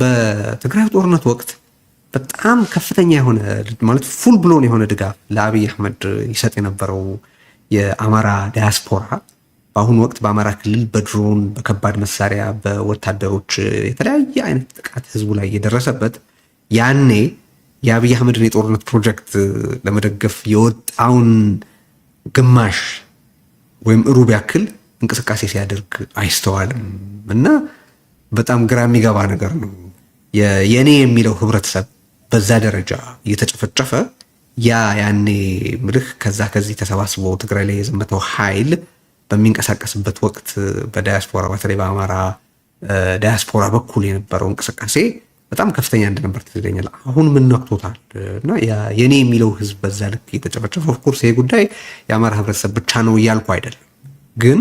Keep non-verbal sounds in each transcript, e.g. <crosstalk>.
በትግራይ ጦርነት ወቅት በጣም ከፍተኛ የሆነ ማለት ፉል ብሎን የሆነ ድጋፍ ለአብይ አህመድ ይሰጥ የነበረው የአማራ ዲያስፖራ በአሁኑ ወቅት በአማራ ክልል በድሮን በከባድ መሳሪያ በወታደሮች የተለያየ አይነት ጥቃት ህዝቡ ላይ የደረሰበት ያኔ የአብይ አህመድን የጦርነት ፕሮጀክት ለመደገፍ የወጣውን ግማሽ ወይም ሩብ ያክል እንቅስቃሴ ሲያደርግ አይስተዋልም እና በጣም ግራ የሚገባ ነገር ነው። የእኔ የሚለው ህብረተሰብ በዛ ደረጃ እየተጨፈጨፈ ያ ያኔ ምልህ ከዛ ከዚህ ተሰባስቦ ትግራይ ላይ የዘመተው ኃይል በሚንቀሳቀስበት ወቅት በዳያስፖራ በተለይ በአማራ ዳያስፖራ በኩል የነበረው እንቅስቃሴ በጣም ከፍተኛ እንደነበር ትዝ ይለኛል። አሁን ምን ነክቶታል? እና የኔ የሚለው ህዝብ በዛ ልክ እየተጨፈጨፈ ኦፍኮርስ ይሄ ጉዳይ የአማራ ህብረተሰብ ብቻ ነው እያልኩ አይደለም ግን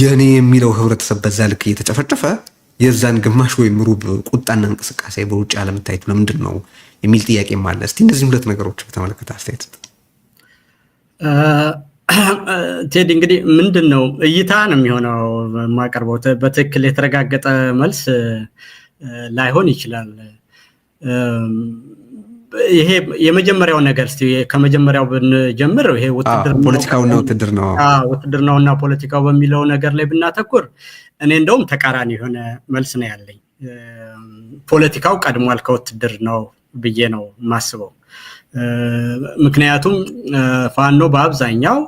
የእኔ የሚለው ህብረተሰብ በዛ ልክ እየተጨፈጨፈ የዛን ግማሽ ወይም ሩብ ቁጣና እንቅስቃሴ በውጭ አለመታየቱ ለምንድን ነው የሚል ጥያቄም አለ። እስቲ እነዚህም ሁለት ነገሮች በተመለከተ አስተያየት ስጥ ቴዲ። እንግዲህ ምንድን ነው እይታ ነው የሚሆነው የማቀርበው። በትክክል የተረጋገጠ መልስ ላይሆን ይችላል። ይሄ የመጀመሪያው ነገር ስ ከመጀመሪያው ብንጀምር ይሄ ፖለቲካውና ውትድር ነውና ፖለቲካው በሚለው ነገር ላይ ብናተኩር እኔ እንደውም ተቃራኒ የሆነ መልስ ነው ያለኝ። ፖለቲካው ቀድሟል ከውትድር ነው ብዬ ነው ማስበው ምክንያቱም ፋኖ በአብዛኛው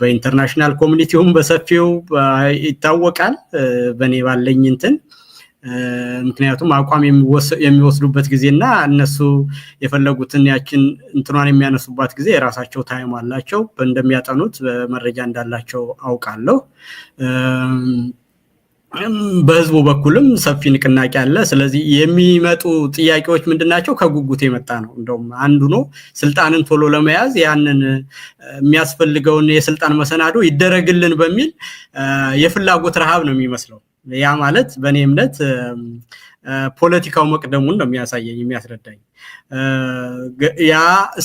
በኢንተርናሽናል ኮሚኒቲውም በሰፊው ይታወቃል። በእኔ ባለኝ እንትን ምክንያቱም አቋም የሚወስዱበት ጊዜ እና እነሱ የፈለጉትን ያችን እንትኗን የሚያነሱባት ጊዜ የራሳቸው ታይም አላቸው። እንደሚያጠኑት መረጃ እንዳላቸው አውቃለሁ። በህዝቡ በኩልም ሰፊ ንቅናቄ አለ። ስለዚህ የሚመጡ ጥያቄዎች ምንድን ናቸው? ከጉጉት የመጣ ነው። እንደውም አንዱ ነው ስልጣንን ቶሎ ለመያዝ ያንን የሚያስፈልገውን የስልጣን መሰናዶ ይደረግልን በሚል የፍላጎት ረሃብ ነው የሚመስለው ያ ማለት በእኔ እምነት ፖለቲካው መቅደሙን ነው የሚያሳየኝ የሚያስረዳኝ። ያ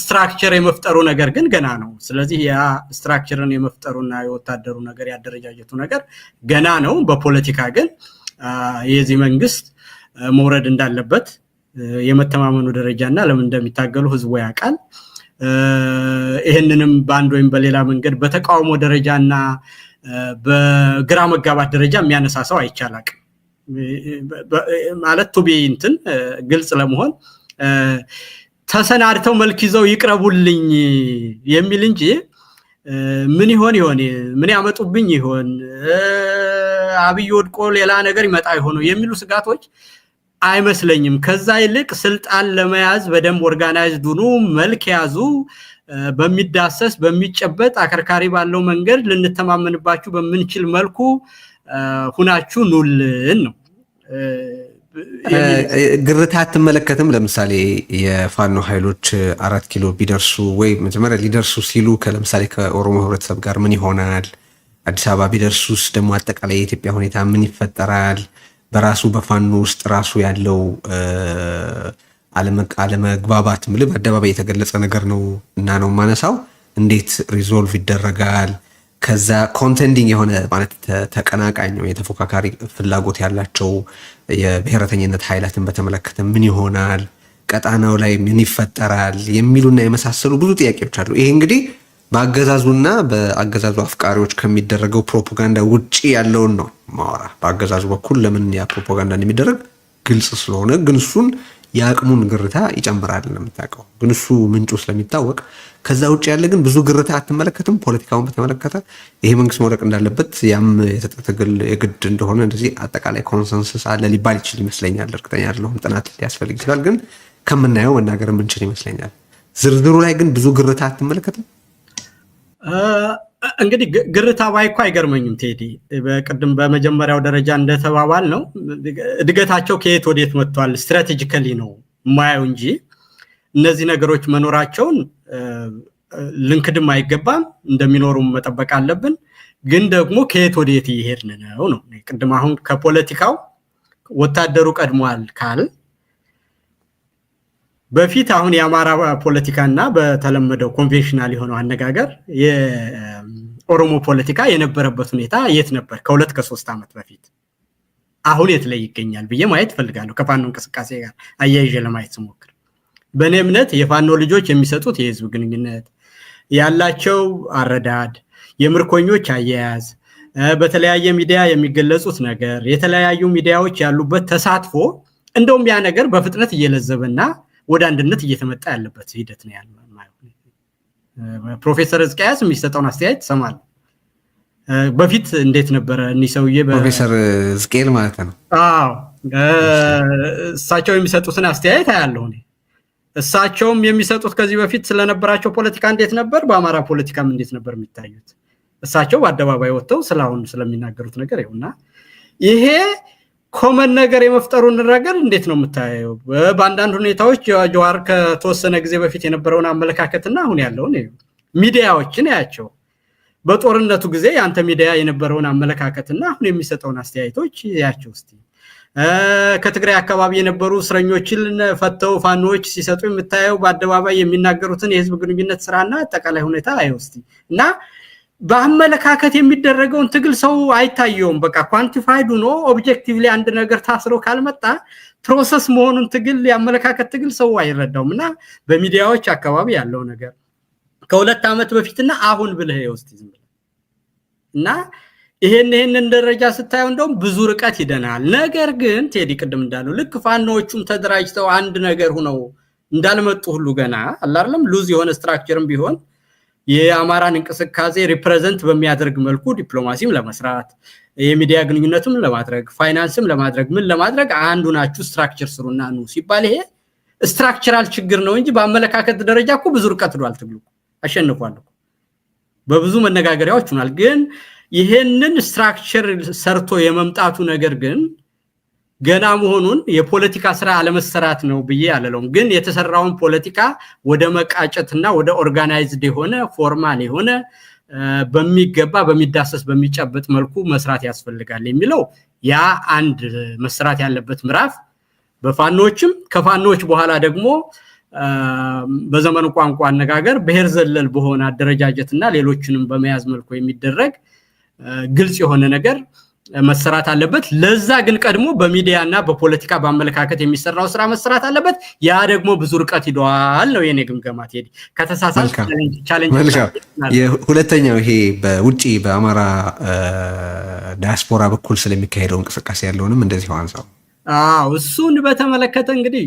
ስትራክቸር የመፍጠሩ ነገር ግን ገና ነው። ስለዚህ ያ ስትራክቸርን የመፍጠሩና የወታደሩ ነገር ያደረጃጀቱ ነገር ገና ነው። በፖለቲካ ግን የዚህ መንግስት መውረድ እንዳለበት የመተማመኑ ደረጃ እና ለምን እንደሚታገሉ ህዝቡ ያውቃል። ይህንንም በአንድ ወይም በሌላ መንገድ በተቃውሞ ደረጃ እና በግራ መጋባት ደረጃ የሚያነሳ ሰው አይቻላቅ ማለት ቱቢ እንትን ግልጽ ለመሆን ተሰናድተው መልክ ይዘው ይቅረቡልኝ የሚል እንጂ ምን ይሆን ይሆን ምን ያመጡብኝ ይሆን አብይ ወድቆ ሌላ ነገር ይመጣ ይሆኑ የሚሉ ስጋቶች አይመስለኝም። ከዛ ይልቅ ስልጣን ለመያዝ በደንብ ኦርጋናይዝድ ሁኑ፣ መልክ ያዙ፣ በሚዳሰስ በሚጨበጥ አከርካሪ ባለው መንገድ ልንተማመንባችሁ በምንችል መልኩ ሁናችሁ ኑልን ነው። ግርታ አትመለከትም። ለምሳሌ የፋኖ ኃይሎች አራት ኪሎ ቢደርሱ ወይ መጀመሪያ ሊደርሱ ሲሉ ለምሳሌ ከኦሮሞ ህብረተሰብ ጋር ምን ይሆናል? አዲስ አበባ ውስጥ ደግሞ አጠቃላይ የኢትዮጵያ ሁኔታ ምን ይፈጠራል? በራሱ በፋኖ ውስጥ ራሱ ያለው አለመግባባት ምል አደባባይ የተገለጸ ነገር ነው እና ነው የማነሳው። እንዴት ሪዞልቭ ይደረጋል? ከዛ ኮንቴንዲንግ የሆነ ማለት ተቀናቃኝ የተፎካካሪ ፍላጎት ያላቸው የብሔረተኝነት ኃይላትን በተመለከተ ምን ይሆናል፣ ቀጣናው ላይ ምን ይፈጠራል የሚሉና የመሳሰሉ ብዙ ጥያቄዎች አሉ። ይሄ እንግዲህ በአገዛዙና በአገዛዙ አፍቃሪዎች ከሚደረገው ፕሮፓጋንዳ ውጭ ያለውን ነው ማወራ። በአገዛዙ በኩል ለምን ያ ፕሮፓጋንዳ የሚደረግ ግልጽ ስለሆነ ግን እሱን የአቅሙን ግርታ ይጨምራል እንደምታውቀው፣ ግን እሱ ምንጩ ስለሚታወቅ ከዛ ውጭ ያለ ግን ብዙ ግርታ አትመለከትም። ፖለቲካውን በተመለከተ ይሄ መንግስት መውደቅ እንዳለበት ያም ትግል የግድ እንደሆነ እንደዚህ አጠቃላይ ኮንሰንሰስ አለ ሊባል ይችል ይመስለኛል። እርግጠኛ አይደለሁም፣ ጥናት ሊያስፈልግ ይችላል። ግን ከምናየው መናገር የምንችል ይመስለኛል። ዝርዝሩ ላይ ግን ብዙ ግርታ አትመለከትም። እንግዲህ ግርታ ባይኳ አይገርመኝም ቴዲ። በቅድም በመጀመሪያው ደረጃ እንደተባባል ነው እድገታቸው ከየት ወዴት መጥቷል፣ ስትራቴጂካሊ ነው ማየው እንጂ እነዚህ ነገሮች መኖራቸውን ልንክድም አይገባም፣ እንደሚኖሩም መጠበቅ አለብን። ግን ደግሞ ከየት ወዴት እየሄድን ነው ነው ቅድም አሁን ከፖለቲካው ወታደሩ ቀድሟል ካል በፊት አሁን የአማራ ፖለቲካ እና በተለመደው ኮንቬንሽናል የሆነው አነጋገር የኦሮሞ ፖለቲካ የነበረበት ሁኔታ የት ነበር ከሁለት ከሶስት ዓመት በፊት አሁን የት ላይ ይገኛል ብዬ ማየት ፈልጋለሁ ከፋኖ እንቅስቃሴ ጋር አያይዤ ለማየት ስሞክር በእኔ እምነት የፋኖ ልጆች የሚሰጡት የህዝብ ግንኙነት ያላቸው አረዳድ፣ የምርኮኞች አያያዝ፣ በተለያየ ሚዲያ የሚገለጹት ነገር፣ የተለያዩ ሚዲያዎች ያሉበት ተሳትፎ እንደውም ያ ነገር በፍጥነት እየለዘበና ወደ አንድነት እየተመጣ ያለበት ሂደት ነው ያለ ፕሮፌሰር ሕዝቅያስ የሚሰጠውን አስተያየት ይሰማል በፊት እንዴት ነበረ እኒህ ሰውዬ ፕሮፌሰር ሕዝቅኤል ማለት ነው። አዎ እሳቸው የሚሰጡትን አስተያየት አያለሁ እሳቸውም የሚሰጡት ከዚህ በፊት ስለነበራቸው ፖለቲካ እንዴት ነበር፣ በአማራ ፖለቲካም እንዴት ነበር የሚታዩት። እሳቸው በአደባባይ ወጥተው ስለአሁን ስለሚናገሩት ነገር ይሁና ይሄ ኮመን ነገር የመፍጠሩን ነገር እንዴት ነው የምታየው? በአንዳንድ ሁኔታዎች ጀዋር ከተወሰነ ጊዜ በፊት የነበረውን አመለካከትና አሁን ያለውን ሚዲያዎችን ያቸው በጦርነቱ ጊዜ የአንተ ሚዲያ የነበረውን አመለካከትና አሁን የሚሰጠውን አስተያየቶች ያቸው እስቲ ከትግራይ አካባቢ የነበሩ እስረኞችን ፈተው ፋኖዎች ሲሰጡ የምታየው በአደባባይ የሚናገሩትን የህዝብ ግንኙነት ስራና አጠቃላይ ሁኔታ አየው እና በአመለካከት የሚደረገውን ትግል ሰው አይታየውም። በቃ ኳንቲፋይድ ሆኖ ላይ አንድ ነገር ታስሮ ካልመጣ ፕሮሰስ መሆኑን ትግል የአመለካከት ትግል ሰው አይረዳውም። እና በሚዲያዎች አካባቢ ያለው ነገር ከሁለት ዓመት በፊትና አሁን ብለህ ውስጥ ዝም እና ይሄን ይሄንን ደረጃ ስታየው እንደውም ብዙ ርቀት ይደናል። ነገር ግን ቴዲ ቅድም እንዳለው ልክ ፋኖዎቹም ተደራጅተው አንድ ነገር ሁነው እንዳልመጡ ሁሉ ገና አላለም ሉዝ የሆነ ስትራክቸርም ቢሆን የአማራን እንቅስቃሴ ሪፕሬዘንት በሚያደርግ መልኩ ዲፕሎማሲም ለመስራት የሚዲያ ግንኙነትም ለማድረግ ፋይናንስም ለማድረግ ምን ለማድረግ አንዱ ናችሁ ስትራክቸር ስሩና ኑ ሲባል ይሄ ስትራክቸራል ችግር ነው እንጂ በአመለካከት ደረጃ እኮ ብዙ ርቀት ዷል። ትግሉ አሸንፏል እኮ በብዙ መነጋገሪያዎች ሆናል። ግን ይሄንን ስትራክቸር ሰርቶ የመምጣቱ ነገር ግን ገና መሆኑን የፖለቲካ ስራ አለመሰራት ነው ብዬ አለለውም። ግን የተሰራውን ፖለቲካ ወደ መቃጨትና ወደ ኦርጋናይዝድ የሆነ ፎርማል የሆነ በሚገባ በሚዳሰስ በሚጨበጥ መልኩ መስራት ያስፈልጋል የሚለው ያ አንድ መሰራት ያለበት ምዕራፍ በፋኖችም ከፋኖች በኋላ ደግሞ በዘመኑ ቋንቋ አነጋገር ብሔር ዘለል በሆነ አደረጃጀት እና ሌሎችንም በመያዝ መልኩ የሚደረግ ግልጽ የሆነ ነገር መሰራት አለበት። ለዛ ግን ቀድሞ በሚዲያ እና በፖለቲካ በአመለካከት የሚሰራው ስራ መሰራት አለበት። ያ ደግሞ ብዙ ርቀት ይደዋል ነው የኔ ግምገማት። ሄ ከተሳሳት ሁለተኛው ይሄ በውጭ በአማራ ዳያስፖራ በኩል ስለሚካሄደው እንቅስቃሴ ያለውንም እንደዚህ ዋንሳው። አዎ እሱን በተመለከተ እንግዲህ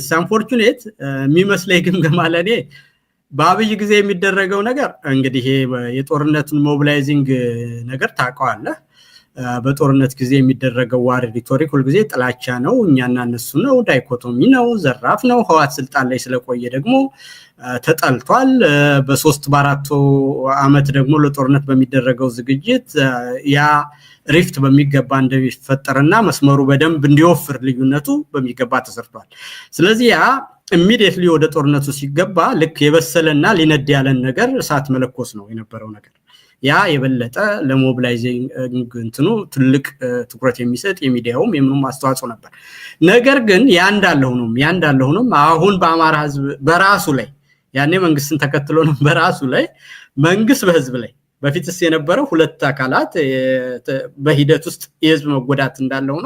ኢሳንፎርቹኔት የሚመስለኝ ግምገማ ለእኔ በአብይ ጊዜ የሚደረገው ነገር እንግዲህ የጦርነቱን ሞቢላይዚንግ ነገር ታውቀዋለህ በጦርነት ጊዜ የሚደረገው ዋር ሪቶሪክ ሁልጊዜ ጥላቻ ነው፣ እኛና እነሱ ነው፣ ዳይኮቶሚ ነው፣ ዘራፍ ነው። ህዋት ስልጣን ላይ ስለቆየ ደግሞ ተጠልቷል። በሶስት በአራቱ አመት ደግሞ ለጦርነት በሚደረገው ዝግጅት ያ ሪፍት በሚገባ እንደሚፈጠርና መስመሩ በደንብ እንዲወፍር ልዩነቱ በሚገባ ተሰርቷል። ስለዚህ ያ ኢሚዲየትሊ ወደ ጦርነቱ ሲገባ ልክ የበሰለና ሊነድ ያለን ነገር እሳት መለኮስ ነው የነበረው ነገር ያ የበለጠ ለሞቢላይዚንግ እንትኑ ትልቅ ትኩረት የሚሰጥ የሚዲያውም የምኑም አስተዋጽኦ ነበር። ነገር ግን ያ እንዳለ ሆኖም ያ እንዳለ ሆኖም አሁን በአማራ ህዝብ በራሱ ላይ ያኔ መንግስትን ተከትሎ ነው በራሱ ላይ መንግስት በህዝብ ላይ በፊትስ የነበረው ሁለት አካላት በሂደት ውስጥ የህዝብ መጎዳት እንዳለው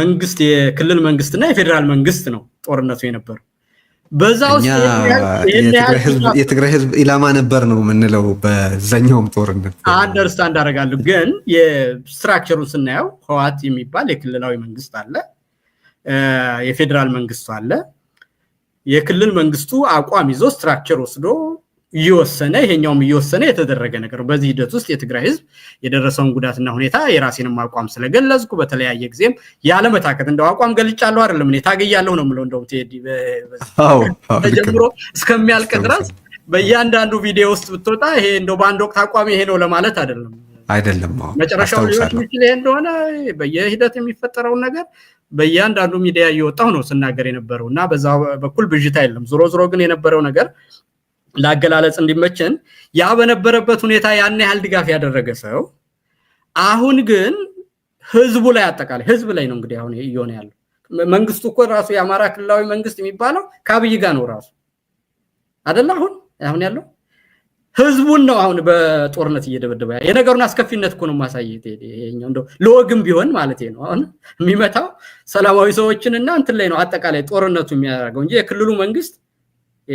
መንግስት የክልል መንግስትና የፌዴራል መንግስት ነው ጦርነቱ የነበረው። በዛ ውስጥ የትግራይ ህዝብ ኢላማ ነበር ነው የምንለው። በዛኛውም ጦርነት አንደርስታንድ አደርጋለሁ፣ ግን የስትራክቸሩ ስናየው ህዋት የሚባል የክልላዊ መንግስት አለ፣ የፌዴራል መንግስቱ አለ። የክልል መንግስቱ አቋም ይዞ ስትራክቸር ወስዶ እየወሰነ ይሄኛውም እየወሰነ የተደረገ ነገር ነው። በዚህ ሂደት ውስጥ የትግራይ ህዝብ የደረሰውን ጉዳትና ሁኔታ የራሴንም አቋም ስለገለጽኩ በተለያየ ጊዜም ያለመታከት እንደው አቋም ገልጫለሁ አይደለም እኔ ታገያለሁ ነው የምለው። እንደው ቴዲ ተጀምሮ እስከሚያልቅ ድረስ በእያንዳንዱ ቪዲዮ ውስጥ ብትወጣ ይሄ እንደው በአንድ ወቅት አቋም ይሄ ነው ለማለት አይደለም አይደለም። መጨረሻው ሊሆን የሚችል ይሄ እንደሆነ በየሂደት የሚፈጠረውን ነገር በእያንዳንዱ ሚዲያ እየወጣሁ ነው ስናገር የነበረው እና በዛ በኩል ብዥታ የለም። ዞሮ ዞሮ ግን የነበረው ነገር ለአገላለጽ እንዲመችን ያ በነበረበት ሁኔታ ያን ያህል ድጋፍ ያደረገ ሰው አሁን ግን ህዝቡ ላይ አጠቃላይ ህዝብ ላይ ነው እንግዲህ አሁን እየሆነ ያለው። መንግስቱ እኮ ራሱ የአማራ ክልላዊ መንግስት የሚባለው ከአብይ ጋ ነው ራሱ አደለ? አሁን አሁን ያለው ህዝቡን ነው አሁን በጦርነት እየደበደበ የነገሩን አስከፊነት እኮ ነው ማሳየት። ይሄኛው እንደ ለወግም ቢሆን ማለት ነው አሁን የሚመታው ሰላማዊ ሰዎችን እና እንትን ላይ ነው አጠቃላይ ጦርነቱ የሚያደርገው እንጂ የክልሉ መንግስት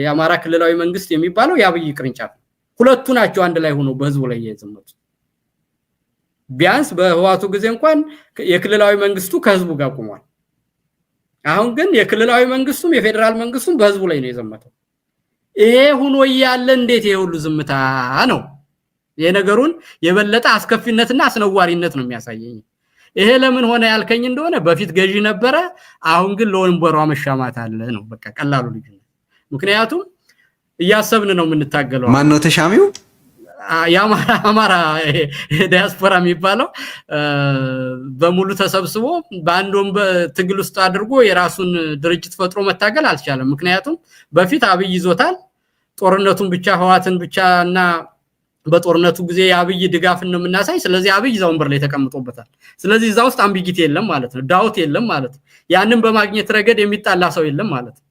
የአማራ ክልላዊ መንግስት የሚባለው የአብይ ቅርንጫፍ ሁለቱ ናቸው አንድ ላይ ሆነው በህዝቡ ላይ የዘመቱ። ቢያንስ በህዋቱ ጊዜ እንኳን የክልላዊ መንግስቱ ከህዝቡ ጋር ቆሟል። አሁን ግን የክልላዊ መንግስቱም የፌዴራል መንግስቱም በህዝቡ ላይ ነው የዘመተው። ይሄ ሁኖ እያለ እንዴት ይሄ ሁሉ ዝምታ ነው? የነገሩን የበለጠ አስከፊነትና አስነዋሪነት ነው የሚያሳየኝ። ይሄ ለምን ሆነ ያልከኝ እንደሆነ በፊት ገዢ ነበረ፣ አሁን ግን ለወንበሯ መሻማት አለ ነው። በቃ ቀላሉ ልዩነት ምክንያቱም እያሰብን ነው የምንታገለው። ነው ተሻሚው? የአማራ <laughs> ዲያስፖራ የሚባለው በሙሉ ተሰብስቦ በአንድ ትግል ውስጥ አድርጎ የራሱን ድርጅት ፈጥሮ መታገል አልቻለም። ምክንያቱም በፊት አብይ ይዞታል። ጦርነቱን ብቻ ህዋትን ብቻ እና በጦርነቱ ጊዜ የአብይ ድጋፍን ነው የምናሳይ። ስለዚህ አብይ እዛ ወንበር ላይ ተቀምጦበታል። ስለዚህ እዛ ውስጥ አምቢጊት የለም ማለት ነው፣ ዳውት የለም ማለት ነው። ያንን በማግኘት ረገድ የሚጣላ ሰው የለም ማለት ነው።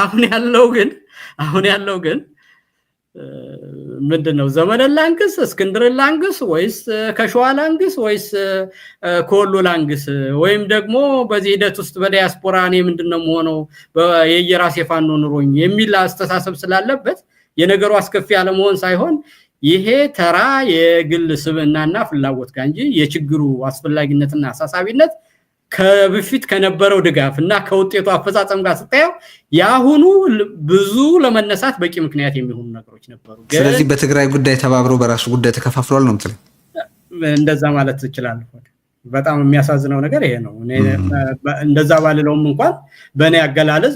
አሁን ያለው ግን አሁን ያለው ግን ምንድን ነው ዘመንን ላንግስ፣ እስክንድርን ላንግስ፣ ወይስ ከሸዋ ላንግስ፣ ወይስ ከወሎ ላንግስ? ወይም ደግሞ በዚህ ሂደት ውስጥ በዲያስፖራ እኔ ምንድን ነው መሆነው የየራሴ ፋኖ ኑሮኝ የሚል አስተሳሰብ ስላለበት የነገሩ አስከፊ ያለመሆን ሳይሆን ይሄ ተራ የግል ስብዕናና ፍላጎት ጋር እንጂ የችግሩ አስፈላጊነትና አሳሳቢነት ከበፊት ከነበረው ድጋፍ እና ከውጤቱ አፈጻጸም ጋር ስታየው የአሁኑ ብዙ ለመነሳት በቂ ምክንያት የሚሆኑ ነገሮች ነበሩ። ስለዚህ በትግራይ ጉዳይ ተባብሮ በራሱ ጉዳይ ተከፋፍሏል ነው ምትለ እንደዛ ማለት ይችላል። በጣም የሚያሳዝነው ነገር ይሄ ነው። እንደዛ ባልለውም እንኳን በእኔ አገላለጽ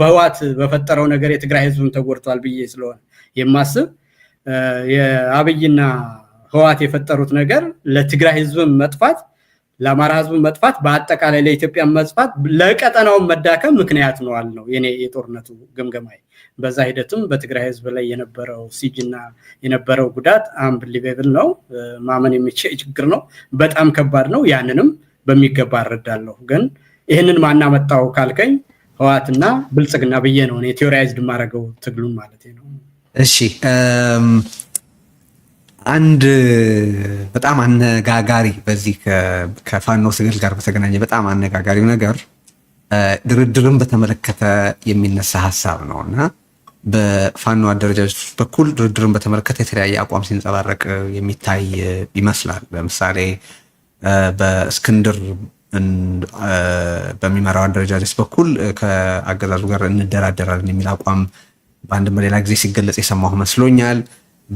በህዋት በፈጠረው ነገር የትግራይ ህዝብን ተጎድቷል ብዬ ስለሆነ የማስብ የአብይና ህዋት የፈጠሩት ነገር ለትግራይ ህዝብን መጥፋት ለአማራ ህዝብ መጥፋት በአጠቃላይ ለኢትዮጵያ መጥፋት ለቀጠናውን መዳከም ምክንያት ነዋል ነው የኔ የጦርነቱ ግምገማ። በዛ ሂደትም በትግራይ ህዝብ ላይ የነበረው ሲጅ እና የነበረው ጉዳት አንብሊቬብል ነው፣ ማመን የሚችል ችግር ነው። በጣም ከባድ ነው። ያንንም በሚገባ እረዳለሁ። ግን ይህንን ማና መጣው ካልከኝ ህዋትና ብልጽግና ብዬ ነው ቴዎራይዝድ የማደርገው ትግሉን ማለት ነው። እሺ አንድ በጣም አነጋጋሪ በዚህ ከፋኖ ትግል ጋር በተገናኘ በጣም አነጋጋሪው ነገር ድርድርን በተመለከተ የሚነሳ ሀሳብ ነው እና በፋኖ አደረጃጀቶች በኩል ድርድርን በተመለከተ የተለያየ አቋም ሲንጸባረቅ የሚታይ ይመስላል። ለምሳሌ በእስክንድር በሚመራው አደረጃጀት በኩል ከአገዛዙ ጋር እንደራደራለን የሚል አቋም በአንድም በሌላ ጊዜ ሲገለጽ የሰማሁ መስሎኛል።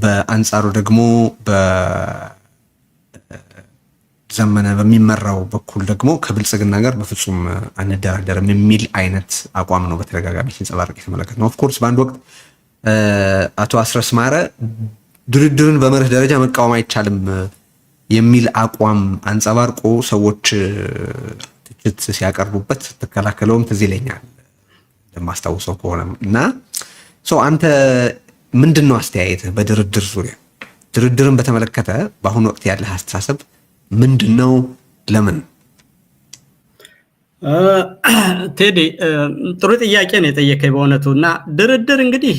በአንጻሩ ደግሞ በዘመነ በሚመራው በኩል ደግሞ ከብልጽግና ጋር በፍጹም አንደራደርም የሚል አይነት አቋም ነው በተደጋጋሚ ሲንጸባረቅ የተመለከት ነው። ኦፍኮርስ በአንድ ወቅት አቶ አስረስ ማረ ድርድርን በመርህ ደረጃ መቃወም አይቻልም የሚል አቋም አንጸባርቆ ሰዎች ትችት ሲያቀርቡበት ትከላከለውም ትዝ ይለኛል እንደማስታውሰው ከሆነም እና አንተ ምንድን ነው አስተያየትህ በድርድር ዙሪያ? ድርድርን በተመለከተ በአሁኑ ወቅት ያለህ አስተሳሰብ ምንድን ነው? ለምን? ቴዲ ጥሩ ጥያቄ ነው የጠየከኝ በእውነቱ እና ድርድር እንግዲህ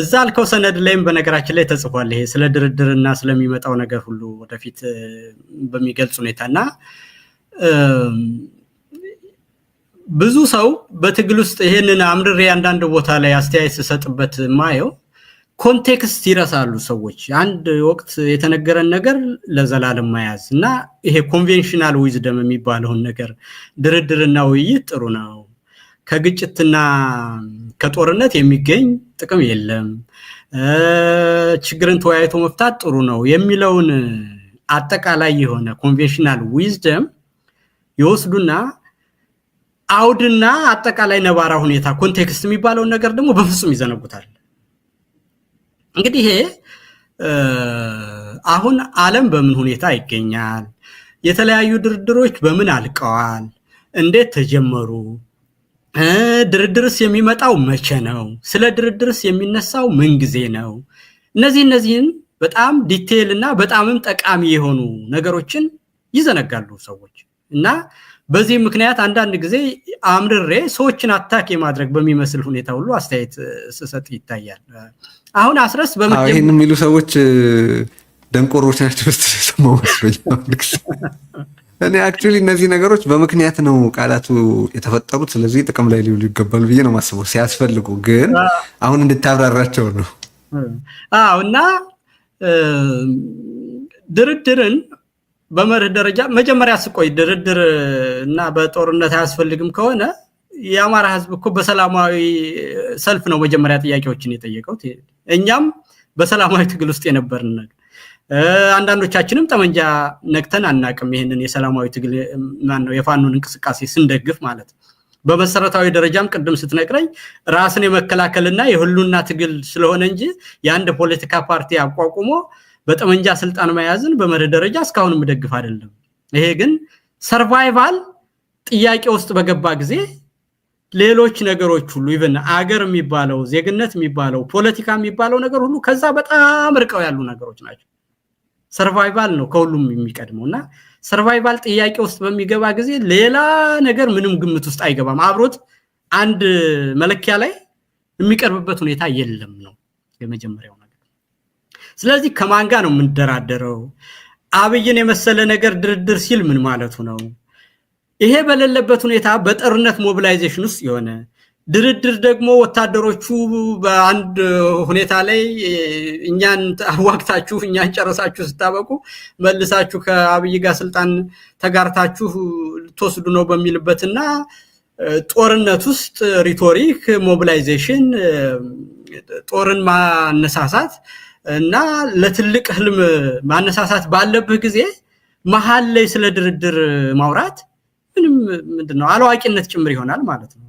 እዛ አልከው ሰነድ ላይም በነገራችን ላይ ተጽፏል። ይሄ ስለ ድርድርና ስለሚመጣው ነገር ሁሉ ወደፊት በሚገልጽ ሁኔታ እና ብዙ ሰው በትግል ውስጥ ይሄንን አምርሬ አንዳንድ ቦታ ላይ አስተያየት ስሰጥበት ማየው ኮንቴክስት ይረሳሉ ሰዎች። አንድ ወቅት የተነገረን ነገር ለዘላለም መያዝ እና ይሄ ኮንቬንሽናል ዊዝደም የሚባለውን ነገር ድርድርና ውይይት ጥሩ ነው፣ ከግጭትና ከጦርነት የሚገኝ ጥቅም የለም፣ ችግርን ተወያይቶ መፍታት ጥሩ ነው የሚለውን አጠቃላይ የሆነ ኮንቬንሽናል ዊዝደም ይወስዱና አውድና አጠቃላይ ነባራ ሁኔታ ኮንቴክስት የሚባለውን ነገር ደግሞ በፍጹም ይዘነጉታል። እንግዲህ ይሄ አሁን ዓለም በምን ሁኔታ ይገኛል? የተለያዩ ድርድሮች በምን አልቀዋል? እንዴት ተጀመሩ? ድርድርስ የሚመጣው መቼ ነው? ስለ ድርድርስ የሚነሳው ምን ጊዜ ነው? እነዚህ እነዚህን በጣም ዲቴይል እና በጣምም ጠቃሚ የሆኑ ነገሮችን ይዘነጋሉ ሰዎች እና በዚህ ምክንያት አንዳንድ ጊዜ አምርሬ ሰዎችን አታክ የማድረግ በሚመስል ሁኔታ ሁሉ አስተያየት ስሰጥ ይታያል። አሁን አስረስ በይህን የሚሉ ሰዎች ደንቆሮች ናቸው ሰማው መስሎኛል። እኔ አክቹዋሊ እነዚህ ነገሮች በምክንያት ነው ቃላቱ የተፈጠሩት። ስለዚህ ጥቅም ላይ ሊውሉ ይገባሉ ብዬ ነው ማስበው። ሲያስፈልጉ ግን አሁን እንድታብራራቸው ነው። አዎ እና ድርድርን በመርህ ደረጃ መጀመሪያ ስቆይ ድርድር እና በጦርነት አያስፈልግም ከሆነ የአማራ ህዝብ እኮ በሰላማዊ ሰልፍ ነው መጀመሪያ ጥያቄዎችን የጠየቀው። እኛም በሰላማዊ ትግል ውስጥ የነበርን አንዳንዶቻችንም ጠመንጃ ነግተን አናቅም። ይህንን የሰላማዊ ትግል ነው የፋኑን እንቅስቃሴ ስንደግፍ ማለት በመሰረታዊ ደረጃም ቅድም ስትነግረኝ ራስን የመከላከልና የህሉና ትግል ስለሆነ እንጂ የአንድ ፖለቲካ ፓርቲ አቋቁሞ በጠመንጃ ስልጣን መያዝን በመርህ ደረጃ እስካሁን የምደግፍ አይደለም። ይሄ ግን ሰርቫይቫል ጥያቄ ውስጥ በገባ ጊዜ ሌሎች ነገሮች ሁሉ ኢቨን አገር የሚባለው ዜግነት የሚባለው ፖለቲካ የሚባለው ነገር ሁሉ ከዛ በጣም ርቀው ያሉ ነገሮች ናቸው። ሰርቫይቫል ነው ከሁሉም የሚቀድመው እና ሰርቫይቫል ጥያቄ ውስጥ በሚገባ ጊዜ ሌላ ነገር ምንም ግምት ውስጥ አይገባም። አብሮት አንድ መለኪያ ላይ የሚቀርብበት ሁኔታ የለም ነው የመጀመሪያው። ስለዚህ ከማን ጋር ነው የምንደራደረው? አብይን የመሰለ ነገር ድርድር ሲል ምን ማለቱ ነው? ይሄ በሌለበት ሁኔታ በጦርነት ሞቢላይዜሽን ውስጥ የሆነ ድርድር ደግሞ ወታደሮቹ በአንድ ሁኔታ ላይ እኛን አዋግታችሁ እኛን ጨረሳችሁ ስታበቁ መልሳችሁ ከአብይ ጋር ስልጣን ተጋርታችሁ ልትወስዱ ነው በሚልበትና ጦርነት ውስጥ ሪቶሪክ ሞቢላይዜሽን ጦርን ማነሳሳት እና ለትልቅ ህልም ማነሳሳት ባለብህ ጊዜ መሀል ላይ ስለ ድርድር ማውራት ምንም ምንድን ነው አላዋቂነት ጭምር ይሆናል ማለት ነው።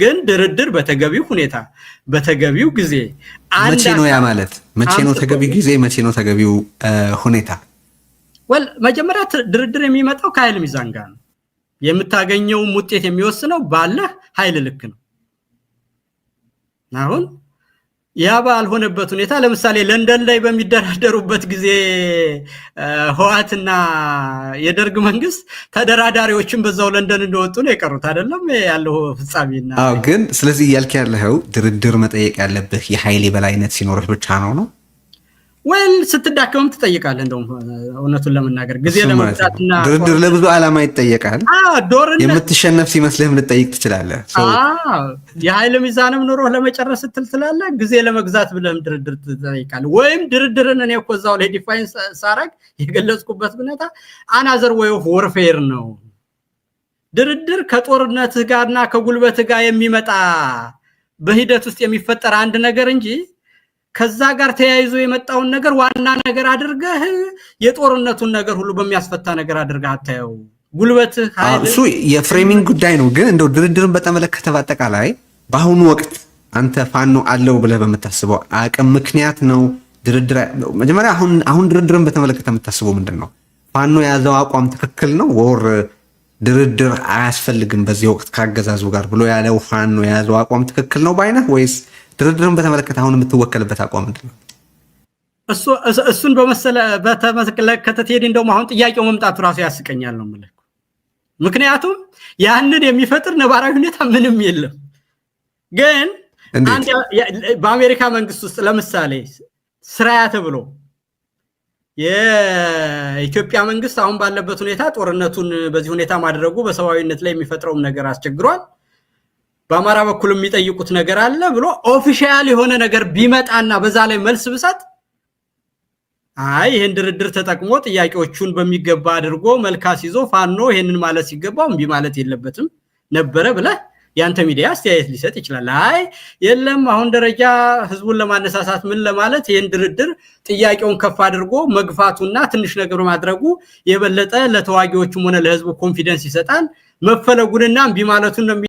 ግን ድርድር በተገቢው ሁኔታ በተገቢው ጊዜ መቼ ነው ያ ማለት መቼ ነው ተገቢው ጊዜ መቼ ነው ተገቢው ሁኔታ? ወል መጀመሪያ ድርድር የሚመጣው ከኃይል ሚዛን ጋር ነው። የምታገኘውም ውጤት የሚወስነው ባለህ ኃይል ልክ ነው አሁን ያ ባልሆነበት ሁኔታ ለምሳሌ ለንደን ላይ በሚደራደሩበት ጊዜ ህዋትና የደርግ መንግስት ተደራዳሪዎችን በዛው ለንደን እንደወጡ ነው የቀሩት፣ አይደለም ያለው ፍጻሜና። ግን ስለዚህ እያልክ ያለው ድርድር መጠየቅ ያለብህ የኃይል የበላይነት ሲኖርህ ብቻ ነው ነው ወይም ስትዳከምም ትጠይቃለህ። እንደውም እውነቱን ለመናገር ጊዜ ለመግዛትና ድርድር ለብዙ ዓላማ ይጠየቃል። ዶርነት የምትሸነፍ ሲመስልህም ልጠይቅ ትችላለህ። የኃይል ሚዛንም ኑሮ ለመጨረስ ስትል ትላለህ። ጊዜ ለመግዛት ብለህም ድርድር ትጠይቃለህ። ወይም ድርድርን እኔ እኮ እዛው ላይ ዲፋይን ሳረግ የገለጽኩበት ሁኔታ አናዘር ወይ ኦፍ ወርፌር ነው። ድርድር ከጦርነትህ ጋርና ከጉልበትህ ጋር የሚመጣ በሂደት ውስጥ የሚፈጠር አንድ ነገር እንጂ ከዛ ጋር ተያይዞ የመጣውን ነገር ዋና ነገር አድርገህ የጦርነቱን ነገር ሁሉ በሚያስፈታ ነገር አድርገህ አታየው። ጉልበትህ እሱ የፍሬሚንግ ጉዳይ ነው። ግን እንደው ድርድርን በተመለከተ በአጠቃላይ በአሁኑ ወቅት አንተ ፋኖ አለው ብለህ በምታስበው አቅም ምክንያት ነው ድርድር መጀመሪያ አሁን አሁን ድርድርን በተመለከተ የምታስበው ምንድን ነው? ፋኖ የያዘው አቋም ትክክል ነው ወር ድርድር አያስፈልግም በዚህ ወቅት ካገዛዙ ጋር ብሎ ያለው ፋኖ የያዘው አቋም ትክክል ነው ባይነህ ወይስ ድርድርን በተመለከተ አሁን የምትወከልበት አቋም ምንድን ነው? እሱን በመሰለ በተመለከተ ቴዲ እንደውም አሁን ጥያቄው መምጣቱ ራሱ ያስቀኛል ነው የምልህ። ምክንያቱም ያንን የሚፈጥር ነባራዊ ሁኔታ ምንም የለም። ግን በአሜሪካ መንግስት ውስጥ ለምሳሌ ስራያ ተብሎ የኢትዮጵያ መንግስት አሁን ባለበት ሁኔታ ጦርነቱን በዚህ ሁኔታ ማድረጉ በሰብአዊነት ላይ የሚፈጥረውም ነገር አስቸግሯል። በአማራ በኩል የሚጠይቁት ነገር አለ ብሎ ኦፊሻል የሆነ ነገር ቢመጣና በዛ ላይ መልስ ብሰጥ አይ ይህን ድርድር ተጠቅሞ ጥያቄዎቹን በሚገባ አድርጎ መልካስ ይዞ ፋኖ ይህንን ማለት ሲገባው እምቢ ማለት የለበትም ነበረ ብለህ ያንተ ሚዲያ አስተያየት ሊሰጥ ይችላል። አይ የለም አሁን ደረጃ ህዝቡን ለማነሳሳት ምን ለማለት ይህን ድርድር ጥያቄውን ከፍ አድርጎ መግፋቱና ትንሽ ነገር ማድረጉ የበለጠ ለተዋጊዎቹም ሆነ ለህዝቡ ኮንፊደንስ ይሰጣል መፈለጉንና እምቢ ማለቱን